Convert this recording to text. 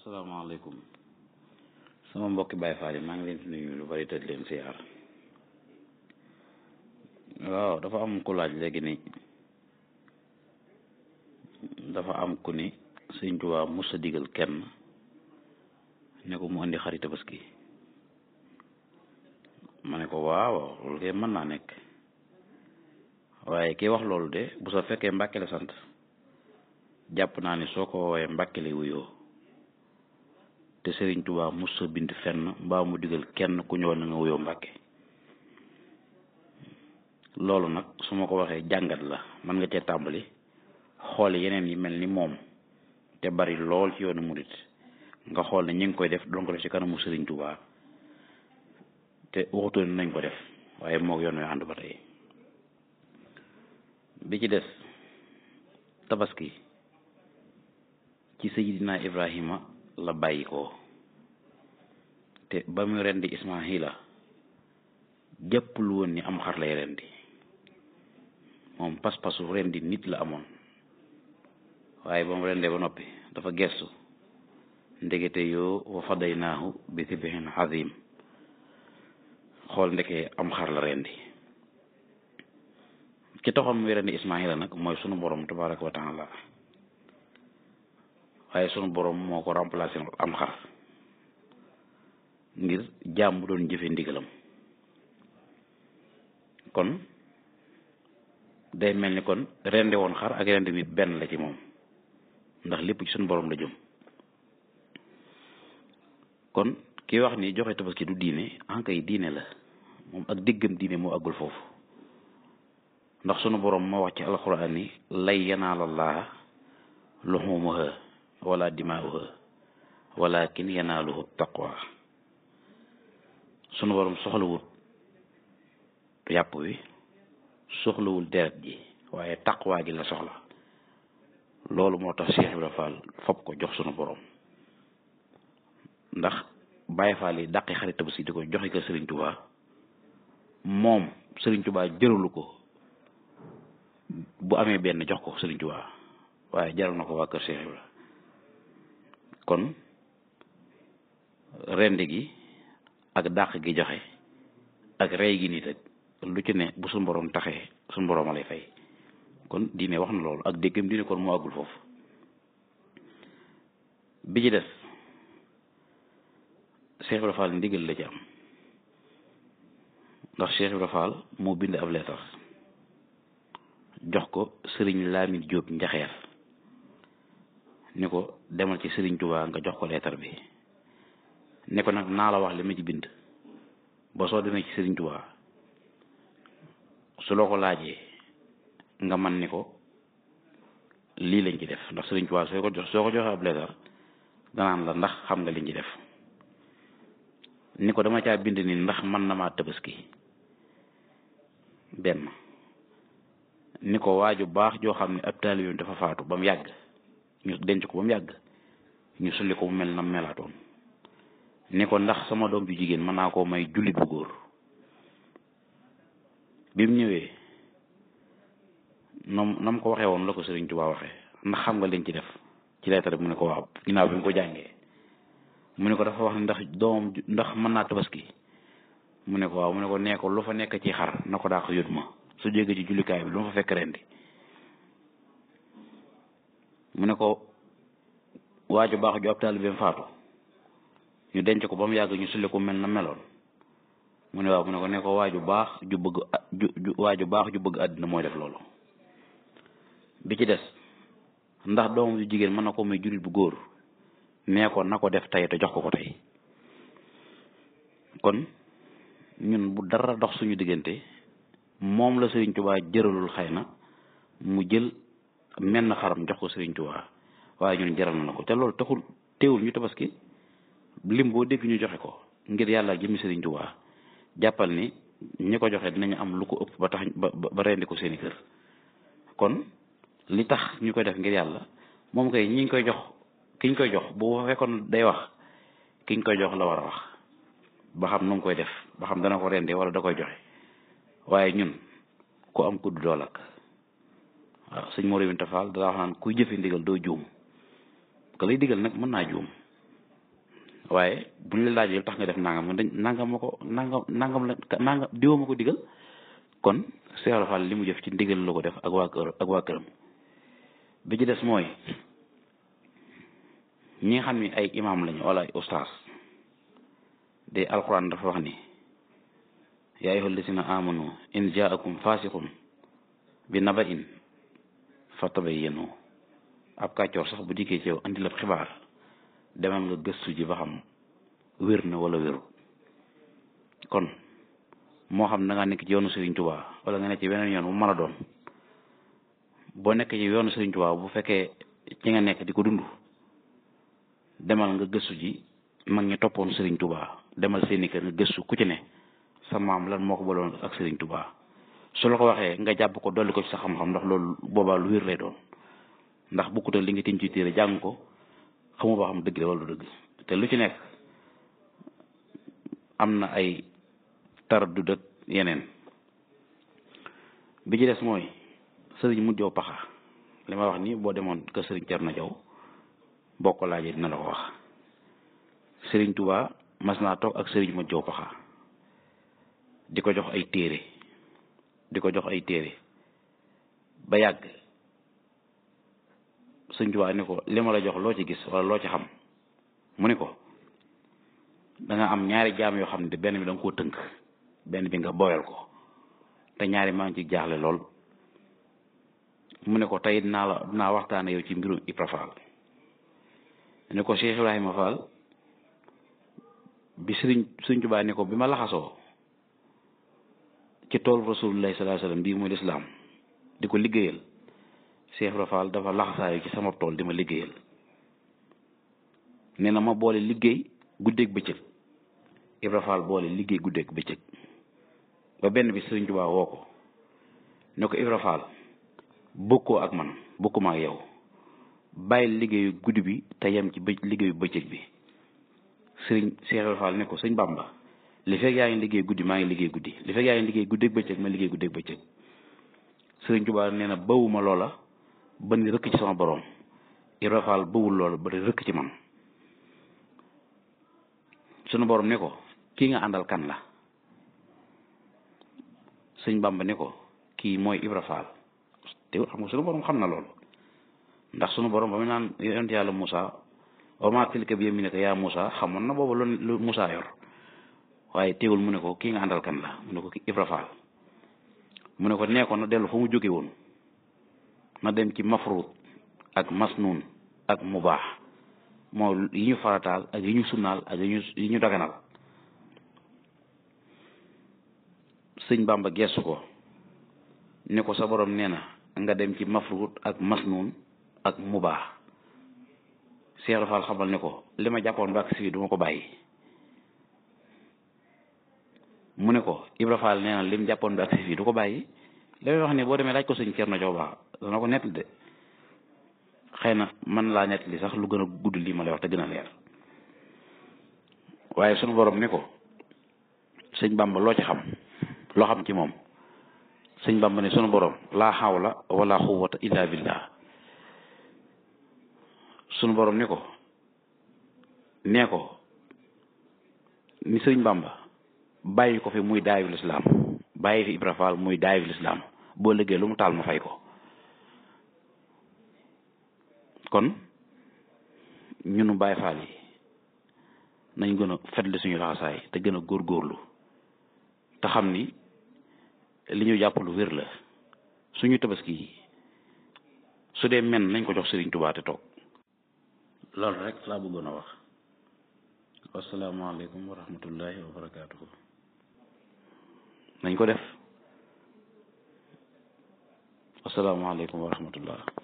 asalaamaaleykum sama mbokki Baye Fall yi maa ngi leen di nuyu lu bari tëj leen waaw dafa am ku léegi ni dafa am ku ni sëñ Tuubaa mos a digal kenn ne ko mu indi xari baski ma ne ko waaw loolu kay mën naa nekk waaye kii wax loolu de bu sa fekkee mbàkke sant jàpp naa ne soo ko woowee mbàkke wuyo te Serigne Touba musa bind fenn mbaa mu digal kenn ku ñëw na nga wuyoo Mbàkke loolu nag su ma ko waxee jàngat la man nga cee tàmbali xool yeneen yi mel ni moom te bari lool ci yoonu murit nga xool ne ñi ngi koy def doon ko def ci kanamu Serigne Touba te waxutoon nañ ko def waaye moog yoon wi ànd ba tey bi ci des tabaski ci Seydina Ibrahima. la bàyyi ko te ba mu rendi Ismaahila jàppul woon ni am xarla lay rendi moom pas-pasu rendi nit la amoon waaye ba mu rendee ba noppi dafa gestu ndegete yoo wa fadaynaahu bi sibhin azim xool ndeke am xar la rendi ki taxoon muy rendi Ismaahila nag mooy sunu borom tabaraka wa la waaye sunu boroom moo ko remplacé am xar ngir jaam bu doon jëfe ndigalam kon day mel ni kon rendi woon xar ak rendi nit benn la ci moom ndax lépp ci sunu borom la jëm kon ki wax ni joxe tabaski du diine ankay diine la moom ak déggam diine moo àggul foofu ndax sunu boroom moo wax ci alxuraan ni lay yanaala llaaha luxuumuhaa wala dimaa'uha walakin yanaaluhu taqwa sunu borom soxlawul yàpp wi soxlawul deret ji waaye taqwa gi la soxla loolu moo tax Cheikh Ibra Fall fopp ko jox sunu boroom ndax Baye Fall yi dàqi xarit Tabaski di ko joxe ko Serigne Touba moom sëriñ Touba jëralu ko bu amee benn jox ko Serigne Touba waaye jaral na ko waa kër Cheikh Ibra kon rend gi ak dàq gi joxe ak rey gi nit ak lu ci ne bu suñu borom taxee suñu borom lay fay kon diine wax na loolu ak déggam diine kon moo àggul foofu bi ci des Cheikh Ibra Fall la ci am ndax Cheikh Ibra moo bind ab leetar jox ko sëriñ Lamine Diop njaxeer ni ko demal ci Serigne Touba nga jox ko leetar bi ni ko nag naa la wax li ma bind ba soo demee ci Serigne Touba su loo ko laajee nga man ni ko lii lañ ci def ndax Serigne Touba soo ko jox joxee ab leetar danaan la ndax xam nga liñ ci def ni ko dama caa bind nii ndax man na maa tabaski benn ni ko waaju baax joo xam ne ab taalibeem dafa faatu ba mu yàgg ñu denc ko ba mu yàgg ñu sulli ko mu mel na melaatoon ni ko ndax sama doom ju jigéen mën naa koo may jullit bu góor bi mu ñëwee nam nam ko waxee woon la ko Sëriñ Tuubaa waxee ndax xam nga liñ ci def ci lettre bi mu ne ko waaw ginnaaw bi mu ko jàngee mu ne ko dafa wax ndax doom ndax mën naa tabaski mu ne ko waaw mu ne ko nee ko lu fa nekk ci xar na ko daa ko yót ma su jógee ci jullikaay bi lu ma fa fekk rendi mu ne ko waaju baax ju ab taalibeem faatu ñu denc ko ba mu yàgg ñu sulli ko mel na meloon mu ne waaw mu ne ko ne ko waaju baax ju bëgg ju waaju baax ju bëgg àddina mooy def loolu bi ci des ndax doom ju jigéen mën na ko may jurit bu góor nee ko na ko def tey te jox ko ko tey kon ñun bu dara dox suñu diggante moom la Sëriñ Tuubaa jëralul xëy na mu jël na xaram jox ko Sëriñ Tuubaa waaye ñun jaral na ko te loolu taxul teewul ñu tabaski lim boo dégg ñu joxe ko ngir yàlla jëmmi Sëriñ Tuubaa jàppal ni ñi ko joxe dinañu am lu ko ëpp ba tax ba ba rendi ko seeni kër kon li tax ñu koy def ngir yàlla moom kay ñi ngi koy jox kiñ koy jox bu fekkoon day wax kiñ koy jox la war a wax ba xam nu mu koy def ba xam dana ko rendi wala da koy joxe waaye ñun ku am kudd dool ak waaw sëñ Mor Yowinta Fall daa wax naan kuy jëfe ndigal doo juum ka lay digal nag mën naa juum waaye buñ la laajee tax nga def nangam nga dañ nangam ma ko nangam nangam la ma ko digal kon Cheikh Ibra Fall li mu jëf ci ndigal la ko def ak waa waa këram ci des mooy ñi nga xam ni ay imaam lañu wala ay ustaas de alquran dafa wax ni yaa ayyuhal lazina amanu in jaakum fasiqun bi naba'in fatabayyanu ab kàccoor sax bu dikkee ci yow andi la xibaar demal nga gëstu ji ba xam wér na wala wéru kon moo xam da nekk ci yoonu Serigne Touba wala nga nekk ci beneen yoonu bu doon boo nekk ci yoonu Serigne Touba bu fekkee ci nga nekk di ko dund demal nga gëstu ji mag ñi toppoon Serigne tubaa demal seeni kër nga gëstu ku ci ne sa maam lan moo ko boloon ak Serigne Touba. su la ko waxee nga jàpp ko dolli ko ci sax xam-xam ndax loolu boobaa lu wér lay doon ndax bukkut ak li nga tiim ci téere jàng ko xamu ba xam dëgg la wala dëgg te lu ci nekk am na ay du dëkk yeneen bi ci des mooy sëriñ mu jow paxa li ma wax nii boo demoon kër sëriñ na Diaw boo laa laajee dina la ko wax sëriñ Touba mas naa toog ak sëriñ mu jow paxa di ko jox ay téere di ko jox ay téere ba yàgg sëñ Tuubaa ni ko li ma jox loo ci gis wala loo ci xam mu ni ko danga am ñaari jaam yoo xam ne benn bi danga nga koo tënk benn bi nga booyal ko te ñaari maa ngi ci jaaxle lool mu ne ko tey naa la naa waxtaane yow ci mbirum Ibra Faal ni ko Cheikh Ibrahima Fall bi sëriñ sëriñ ni ko bi ma laxasoo ci tool rasulullahi sallallahu alayhi wasallam bii mooy lislaam di ko liggéeyal Cheikh Rafaal dafa laxasaayu ci sama tool di ma liggéeyal nee na ma boole liggéey guddeeg bëccëg Ibra Faal boole liggéey guddeeg bëccëg ba benn bi Sëriñ Tuubaa woo ko ne ko Ibra Faal bokkoo ak man bokkuma ak yow bàyyi liggéeyu guddi bi te yem ci bëj liggéeyu bëccëg bi sëriñ Cheikh Ibra Faal ne ko sëñ Bàmba li fekk yaa ngi liggéey guddi maa ngi liggéey guddi li fekk yaa ngi liggéey guddeeg bëccëg ma liggéey guddeeg bëccëg sëriñ Tuubaa nee na bawuma loola ba ni rëkk ci sama borom Ibra Faal bawul loola ba ni rëkk ci man sunu borom ne ko kii nga àndal kan la sëñ Bàmba ne ko kii mooy Ibra Faal te xam nga sunu borom xam na loolu ndax sunu borom ba mu naan yonent yàlla Moussa wa maa tilka bi yamiinika yaa Moussa xamoon na booba lu Moussa yor. waaye teewul mu ne ko kii nga àndal kan la mu ne ko ki Ibra Faal mu ne ko nee ko na dellu fa mu jóge woon na dem ci mafruut ak masnuun ak mubaax moo ñu farataal ak yi ñu sunnaal yi ñu yi ñu sëñ Bàmba geesu ko ne ko sa borom nee na nga dem ci mafruut ak masnuun ak mubaax Seex Faal xamal ne ko li ma jàppoon ba ak si du ko bàyyi mu ne ko Ibra Fall nee lim jàppoon bi ak fii du ko bàyyi damay wax ne boo demee laaj ko sëñ Thierno Diop baax dana ko nett de xëy na man laa nett li sax lu gën a gudd lii ma lay wax te gën a leer waaye sunu borom ni ko sëñ Bamba loo ci xam loo xam ci moom sëñ Bamba ne sunu borom laa hawla wala quwwata illa billah sunu borom ne ko nee ko ni sëñ Bamba. bàyyi ko fi muy daayu lislaam bàyyi fi Ibra Faal muy daayu lislaam boo liggéey lu mu taal ma fay ko kon ñunu Baay Faal yi nañ gën a fetli suñu laxasaay te gën a góor góorlu te xam ni li ñu jàpp lu wér la suñu tabaski yi su dee men nañ ko jox Sëriñ Tuubaa toog loolu rek laa bëggoon a wax wasalaamaaleykum wa rahmatullahi wa barakaatuhu nañ ko def asalaamaaleykum wa rahmatullah